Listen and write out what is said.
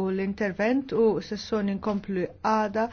u l-intervent u sessjoni nkomplu għada